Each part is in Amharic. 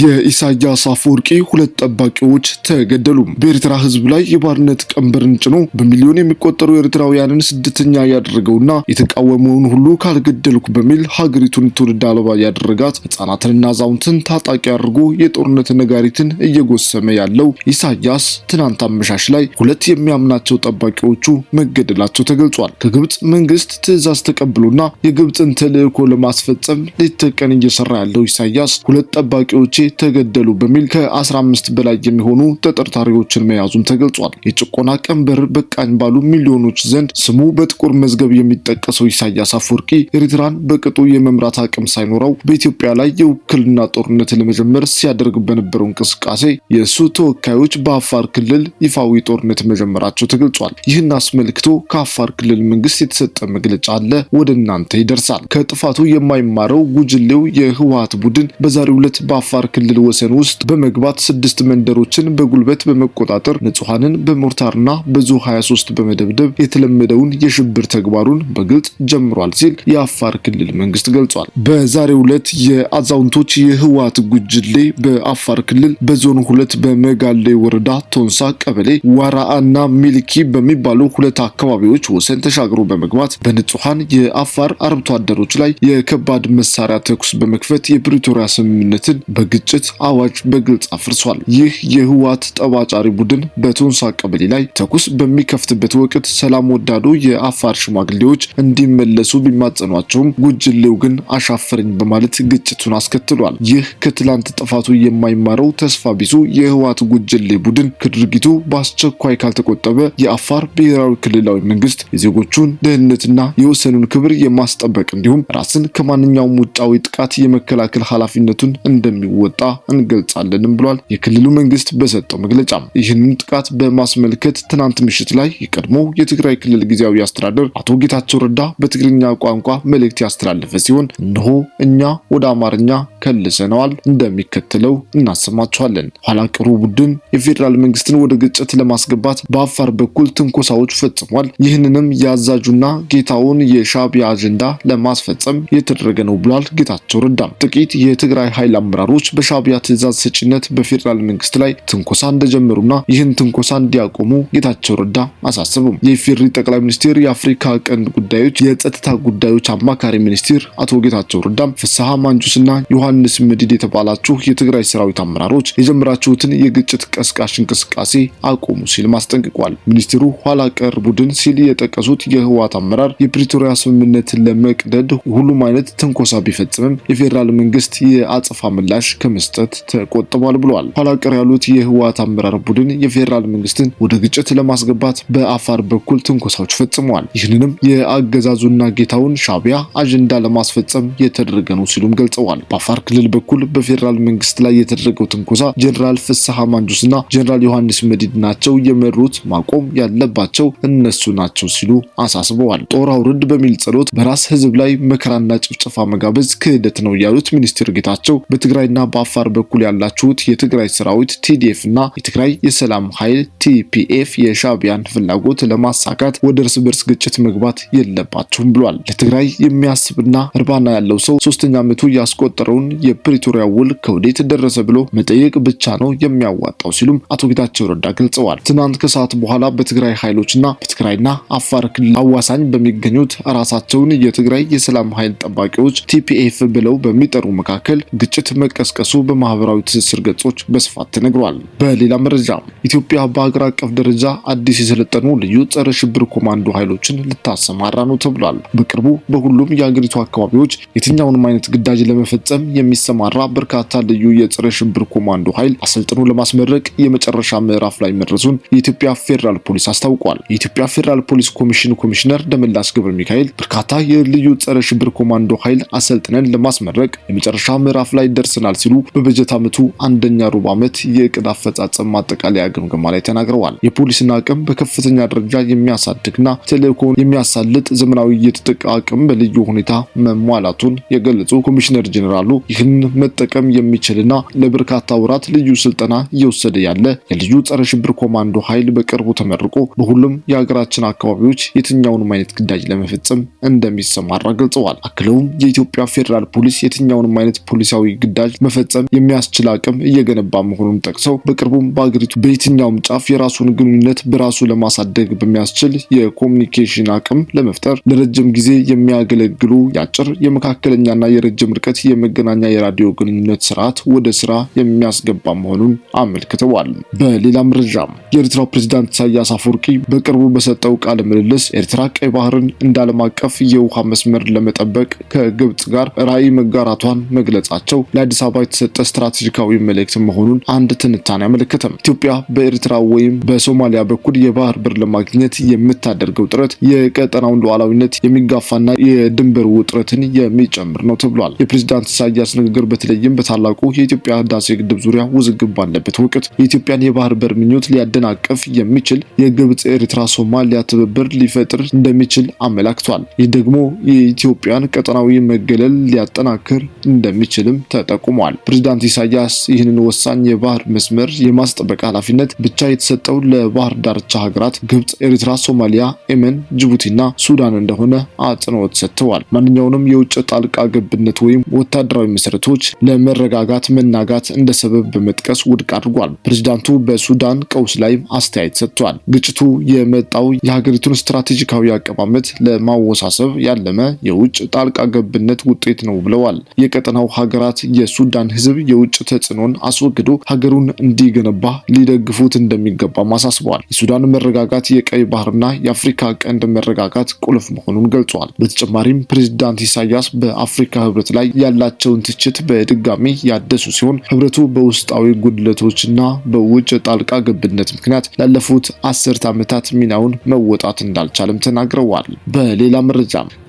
የኢሳያስ አፈወርቂ ሁለት ጠባቂዎች ተገደሉ። በኤርትራ ህዝብ ላይ የባርነት ቀንበርን ጭኖ በሚሊዮን የሚቆጠሩ ኤርትራውያንን ስደተኛ ያደረገውና የተቃወመውን ሁሉ ካልገደልኩ በሚል ሀገሪቱን ትውልድ አልባ ያደረጋት ህጻናትንና አዛውንትን ታጣቂ አድርጎ የጦርነት ነጋሪትን እየጎሰመ ያለው ኢሳያስ ትናንት አመሻሽ ላይ ሁለት የሚያምናቸው ጠባቂዎቹ መገደላቸው ተገልጿል። ከግብጽ መንግስት ትዕዛዝ ተቀብሎና የግብጽን ተልዕኮ ለማስፈጸም ሌት ተቀን እየሰራ ያለው ኢሳያስ ሁለት ጠባቂዎች ተገደሉ በሚል ከ15 በላይ የሚሆኑ ተጠርጣሪዎችን መያዙን ተገልጿል። የጭቆና ቀንበር በቃኝ ባሉ ሚሊዮኖች ዘንድ ስሙ በጥቁር መዝገብ የሚጠቀሰው ኢሳያስ አፈወርቂ ኤርትራን በቅጡ የመምራት አቅም ሳይኖረው በኢትዮጵያ ላይ የውክልና ጦርነት ለመጀመር ሲያደርግ በነበረው እንቅስቃሴ የእሱ ተወካዮች በአፋር ክልል ይፋዊ ጦርነት መጀመራቸው ተገልጿል። ይህን አስመልክቶ ከአፋር ክልል መንግስት የተሰጠ መግለጫ አለ፣ ወደ እናንተ ይደርሳል። ከጥፋቱ የማይማረው ጉጅሌው የህወሀት ቡድን በዛሬው ዕለት በአፋር ክልል ወሰን ውስጥ በመግባት ስድስት መንደሮችን በጉልበት በመቆጣጠር ንጹሐንን በሞርታርና በዙ 23 በመደብደብ የተለመደውን የሽብር ተግባሩን በግልጽ ጀምሯል ሲል የአፋር ክልል መንግስት ገልጿል። በዛሬው ዕለት የአዛውንቶች የህወሓት ጉጅሌ በአፋር ክልል በዞን ሁለት በመጋሌ ወረዳ ቶንሳ ቀበሌ ዋራአና ሚልኪ በሚባሉ ሁለት አካባቢዎች ወሰን ተሻግሮ በመግባት በንጹሐን የአፋር አርብቶ አደሮች ላይ የከባድ መሳሪያ ተኩስ በመክፈት የፕሪቶሪያ ስምምነትን በግ ግጭት አዋጅ በግልጽ አፍርሷል። ይህ የህወሓት ጠባጫሪ ቡድን በቱንሳ ቀበሌ ላይ ተኩስ በሚከፍትበት ወቅት ሰላም ወዳዱ የአፋር ሽማግሌዎች እንዲመለሱ ቢማጸኗቸውም ጉጅሌው ግን አሻፈረኝ በማለት ግጭቱን አስከትሏል። ይህ ከትላንት ጥፋቱ የማይማረው ተስፋ ቢሱ የህወሓት ጉጅሌ ቡድን ከድርጊቱ በአስቸኳይ ካልተቆጠበ የአፋር ብሔራዊ ክልላዊ መንግስት የዜጎቹን ደህንነትና የወሰኑን ክብር የማስጠበቅ እንዲሁም ራስን ከማንኛውም ውጫዊ ጥቃት የመከላከል ኃላፊነቱን እንደሚወ እንደሚወጣ እንገልጻለንም ብሏል የክልሉ መንግስት በሰጠው መግለጫ። ይህንን ጥቃት በማስመልከት ትናንት ምሽት ላይ የቀድሞ የትግራይ ክልል ጊዜያዊ አስተዳደር አቶ ጌታቸው ረዳ በትግርኛ ቋንቋ መልእክት ያስተላለፈ ሲሆን እነሆ እኛ ወደ አማርኛ ከልሰነዋል፣ እንደሚከተለው እናሰማችኋለን። ኋላ ቀሩ ቡድን የፌዴራል መንግስትን ወደ ግጭት ለማስገባት በአፋር በኩል ትንኮሳዎች ፈጽሟል። ይህንንም የአዛዡና ጌታውን የሻቢያ አጀንዳ ለማስፈጸም የተደረገ ነው ብሏል ጌታቸው ረዳ። ጥቂት የትግራይ ኃይል አመራሮች በሻቢያ ትዛዝ ሰጪነት በፌዴራል መንግስት ላይ ትንኮሳ እንደጀመሩና ይህን ትንኮሳ እንዲያቆሙ ጌታቸው ረዳ አሳሰቡም። የኢፌዴሪ ጠቅላይ ሚኒስቴር የአፍሪካ ቀንድ ጉዳዮች የጸጥታ ጉዳዮች አማካሪ ሚኒስትር አቶ ጌታቸው ረዳም ማንጁስ ማንጁስና ዮሐንስ ምድድ የተባላችሁ የትግራይ ሰራዊት አመራሮች የጀመራችሁትን የግጭት ቀስቃሽ እንቅስቃሴ አቆሙ ሲል አስጠንቅቋል። ሚኒስትሩ ኋላ ቀር ቡድን ሲል የጠቀሱት የህወሓት አመራር የፕሪቶሪያ ስምምነትን ለመቅደድ ሁሉም አይነት ትንኮሳ ቢፈጽምም የፌዴራል መንግስት የአጽፋ ምላሽ ከመስጠት ተቆጥቧል ብሏል። ኋላቀር ያሉት የህወሓት አመራር ቡድን የፌዴራል መንግስትን ወደ ግጭት ለማስገባት በአፋር በኩል ትንኮሳዎች ፈጽመዋል። ይህንንም የአገዛዙና ጌታውን ሻቢያ አጀንዳ ለማስፈጸም የተደረገ ነው ሲሉም ገልጸዋል። በአፋር ክልል በኩል በፌዴራል መንግስት ላይ የተደረገው ትንኮሳ ጀኔራል ፍስሐ ማንጁስና ጀኔራል ዮሐንስ መዲድ ናቸው የመሩት፣ ማቆም ያለባቸው እነሱ ናቸው ሲሉ አሳስበዋል። ጦር አውርድ በሚል ጸሎት በራስ ህዝብ ላይ መከራና ጭፍጨፋ መጋበዝ ክህደት ነው ያሉት ሚኒስትር ጌታቸው በትግራይና በአፋር በኩል ያላችሁት የትግራይ ሰራዊት ቲዲኤፍ እና የትግራይ የሰላም ኃይል ቲፒኤፍ የሻቢያን ፍላጎት ለማሳካት ወደ እርስ በርስ ግጭት መግባት የለባችሁም ብሏል። ለትግራይ የሚያስብና እርባና ያለው ሰው ሶስተኛ ዓመቱ ያስቆጠረውን የፕሪቶሪያ ውል ከወዴት ደረሰ ብሎ መጠየቅ ብቻ ነው የሚያዋጣው ሲሉም አቶ ጌታቸው ረዳ ገልጸዋል። ትናንት ከሰዓት በኋላ በትግራይ ኃይሎችና በትግራይና አፋር ክልል አዋሳኝ በሚገኙት ራሳቸውን የትግራይ የሰላም ኃይል ጠባቂዎች ቲፒኤፍ ብለው በሚጠሩ መካከል ግጭት መቀስቀስ እንደደረሱ በማህበራዊ ትስስር ገጾች በስፋት ተነግሯል። በሌላ መረጃ ኢትዮጵያ በሀገር አቀፍ ደረጃ አዲስ የሰለጠኑ ልዩ ጸረ ሽብር ኮማንዶ ኃይሎችን ልታሰማራ ነው ተብሏል። በቅርቡ በሁሉም የአገሪቱ አካባቢዎች የትኛውንም አይነት ግዳጅ ለመፈጸም የሚሰማራ በርካታ ልዩ የጸረ ሽብር ኮማንዶ ኃይል አሰልጥኖ ለማስመረቅ የመጨረሻ ምዕራፍ ላይ መድረሱን የኢትዮጵያ ፌዴራል ፖሊስ አስታውቋል። የኢትዮጵያ ፌዴራል ፖሊስ ኮሚሽን ኮሚሽነር ደመላስ ገብረ ሚካኤል በርካታ የልዩ ጸረ ሽብር ኮማንዶ ኃይል አሰልጥነን ለማስመረቅ የመጨረሻ ምዕራፍ ላይ ደርሰናል ሲሉ በበጀት ዓመቱ አንደኛ ሩብ ዓመት የእቅድ አፈጻጸም ማጠቃለያ ግምገማ ላይ ተናግረዋል። የፖሊስን አቅም በከፍተኛ ደረጃ የሚያሳድግና ተልዕኮን የሚያሳልጥ ዘመናዊ የትጥቅ አቅም በልዩ ሁኔታ መሟላቱን የገለጹ ኮሚሽነር ጀኔራሉ ይህን መጠቀም የሚችልና ለበርካታ ወራት ልዩ ስልጠና እየወሰደ ያለ የልዩ ጸረ ሽብር ኮማንዶ ኃይል በቅርቡ ተመርቆ በሁሉም የሀገራችን አካባቢዎች የትኛውንም አይነት ግዳጅ ለመፈጸም እንደሚሰማራ ገልጸዋል። አክለውም የኢትዮጵያ ፌዴራል ፖሊስ የትኛውንም አይነት ፖሊሲያዊ ግዳጅ መፈ እንዲፈጸም የሚያስችል አቅም እየገነባ መሆኑን ጠቅሰው በቅርቡም በአገሪቱ በየትኛውም ጫፍ የራሱን ግንኙነት በራሱ ለማሳደግ በሚያስችል የኮሚኒኬሽን አቅም ለመፍጠር ለረጅም ጊዜ የሚያገለግሉ የአጭር የመካከለኛና የረጅም ርቀት የመገናኛ የራዲዮ ግንኙነት ስርዓት ወደ ስራ የሚያስገባ መሆኑን አመልክተዋል። በሌላ መረጃም የኤርትራው ፕሬዚዳንት ኢሳያስ አፈወርቂ በቅርቡ በሰጠው ቃለ ምልልስ ኤርትራ ቀይ ባህርን እንደ ዓለም አቀፍ የውሃ መስመር ለመጠበቅ ከግብጽ ጋር ራዕይ መጋራቷን መግለጻቸው ለአዲስ አበባ የተሰጠ ስትራቴጂካዊ መልእክት መሆኑን አንድ ትንታኔ አመለከተም። ኢትዮጵያ በኤርትራ ወይም በሶማሊያ በኩል የባህር በር ለማግኘት የምታደርገው ጥረት የቀጠናውን ሉዓላዊነት የሚጋፋና የድንበር ውጥረትን የሚጨምር ነው ተብሏል። የፕሬዚዳንት ኢሳያስ ንግግር በተለይም በታላቁ የኢትዮጵያ ህዳሴ ግድብ ዙሪያ ውዝግብ ባለበት ወቅት የኢትዮጵያን የባህር በር ምኞት ሊያደናቅፍ የሚችል የግብፅ ኤርትራ፣ ሶማሊያ ትብብር ሊፈጥር እንደሚችል አመላክቷል። ይህ ደግሞ የኢትዮጵያን ቀጠናዊ መገለል ሊያጠናክር እንደሚችልም ተጠቁሟል። ተናግረዋል። ፕሬዚዳንት ኢሳያስ ይህንን ወሳኝ የባህር መስመር የማስጠበቅ ኃላፊነት ብቻ የተሰጠው ለባህር ዳርቻ ሀገራት ግብጽ፣ ኤርትራ፣ ሶማሊያ፣ የመን፣ ጅቡቲና ሱዳን እንደሆነ አጽንኦት ሰጥተዋል። ማንኛውንም የውጭ ጣልቃ ገብነት ወይም ወታደራዊ መሰረቶች ለመረጋጋት መናጋት እንደ ሰበብ በመጥቀስ ውድቅ አድርጓል። ፕሬዚዳንቱ በሱዳን ቀውስ ላይ አስተያየት ሰጥተዋል። ግጭቱ የመጣው የሀገሪቱን ስትራቴጂካዊ አቀማመጥ ለማወሳሰብ ያለመ የውጭ ጣልቃ ገብነት ውጤት ነው ብለዋል። የቀጠናው ሀገራት የሱዳን የኢትዮጵያን ህዝብ የውጭ ተጽዕኖን አስወግዶ ሀገሩን እንዲገነባ ሊደግፉት እንደሚገባም አሳስበዋል። የሱዳን መረጋጋት የቀይ ባህርና የአፍሪካ ቀንድ መረጋጋት ቁልፍ መሆኑን ገልጸዋል። በተጨማሪም ፕሬዚዳንት ኢሳያስ በአፍሪካ ህብረት ላይ ያላቸውን ትችት በድጋሚ ያደሱ ሲሆን ህብረቱ በውስጣዊ ጉድለቶችና በውጭ ጣልቃ ገብነት ምክንያት ላለፉት አስርት ዓመታት ሚናውን መወጣት እንዳልቻለም ተናግረዋል። በሌላ መረጃ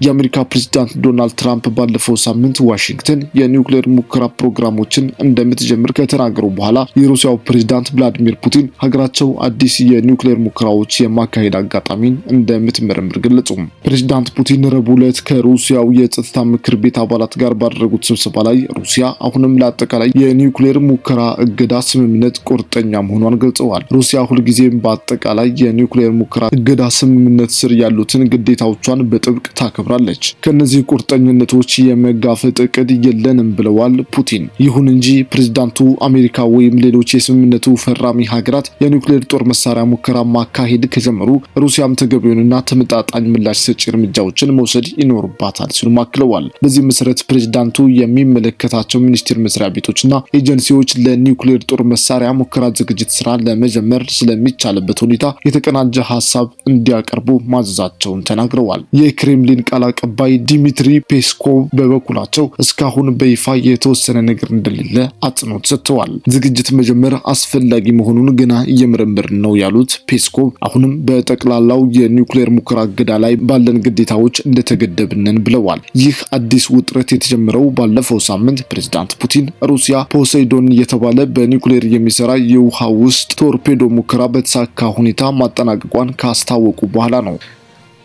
የአሜሪካ ፕሬዚዳንት ዶናልድ ትራምፕ ባለፈው ሳምንት ዋሽንግተን የኒውክሌር ሙከራ ፕሮግራም ፕሮግራሞችን እንደምትጀምር ከተናገሩ በኋላ የሩሲያው ፕሬዝዳንት ቭላዲሚር ፑቲን ሀገራቸው አዲስ የኒውክሌር ሙከራዎች የማካሄድ አጋጣሚን እንደምትመረምር ገለጹ። ፕሬዝዳንት ፑቲን ረቡዕ ዕለት ከሩሲያው የጸጥታ ምክር ቤት አባላት ጋር ባደረጉት ስብሰባ ላይ ሩሲያ አሁንም ለአጠቃላይ የኒውክሌር ሙከራ እገዳ ስምምነት ቁርጠኛ መሆኗን ገልጸዋል። ሩሲያ ሁልጊዜም በአጠቃላይ የኒውክሌር ሙከራ እገዳ ስምምነት ስር ያሉትን ግዴታዎቿን በጥብቅ ታከብራለች። ከነዚህ ቁርጠኝነቶች የመጋፈጥ እቅድ የለንም ብለዋል ፑቲን። ይሁን እንጂ ፕሬዚዳንቱ አሜሪካ ወይም ሌሎች የስምምነቱ ፈራሚ ሀገራት የኒውክሌር ጦር መሳሪያ ሙከራ ማካሄድ ከጀመሩ ሩሲያም ተገቢውንና ተመጣጣኝ ምላሽ ሰጪ እርምጃዎችን መውሰድ ይኖርባታል ሲሉ አክለዋል። በዚህ መሰረት ፕሬዚዳንቱ የሚመለከታቸው ሚኒስቴር መስሪያ ቤቶችና ኤጀንሲዎች ለኒውክሌር ጦር መሳሪያ ሙከራ ዝግጅት ስራ ለመጀመር ስለሚቻልበት ሁኔታ የተቀናጀ ሀሳብ እንዲያቀርቡ ማዘዛቸውን ተናግረዋል። የክሬምሊን ቃል አቀባይ ዲሚትሪ ፔስኮቭ በበኩላቸው እስካሁን በይፋ የተወሰነ ነገር ችግር እንደሌለ አጽንኦት ሰጥተዋል። ዝግጅት መጀመር አስፈላጊ መሆኑን ገና እየመረመር ነው ያሉት ፔስኮቭ አሁንም በጠቅላላው የኒውክሌር ሙከራ እገዳ ላይ ባለን ግዴታዎች እንደተገደብንን ብለዋል። ይህ አዲስ ውጥረት የተጀመረው ባለፈው ሳምንት ፕሬዚዳንት ፑቲን ሩሲያ ፖሴይዶን እየተባለ በኒውክሌር የሚሰራ የውሃ ውስጥ ቶርፔዶ ሙከራ በተሳካ ሁኔታ ማጠናቀቋን ካስታወቁ በኋላ ነው።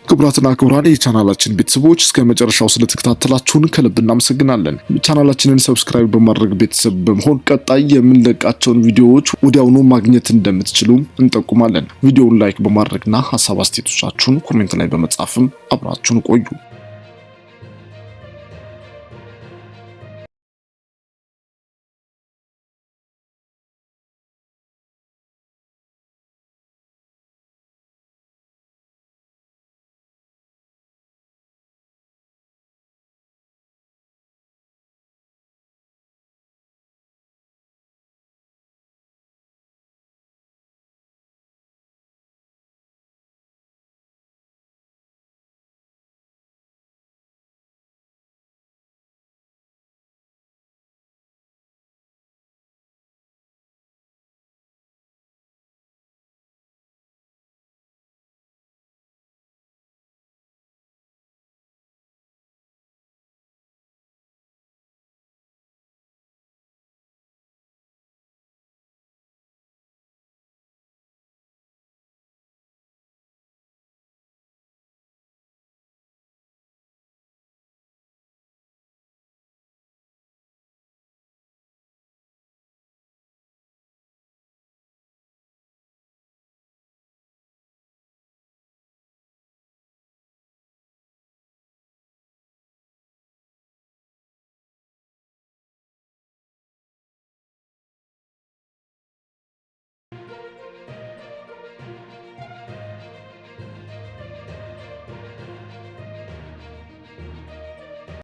ክቡራትና ክቡራን የቻናላችን ቤተሰቦች እስከ መጨረሻው ስለተከታተላችሁን ከልብ እናመሰግናለን። ቻናላችንን ሰብስክራይብ በማድረግ ቤተሰብ በመሆን ቀጣይ የምንለቃቸውን ቪዲዮዎች ወዲያውኑ ማግኘት እንደምትችሉ እንጠቁማለን። ቪዲዮውን ላይክ በማድረግና ሀሳብ አስተያየቶቻችሁን ኮሜንት ላይ በመጻፍም አብራችሁን ቆዩ።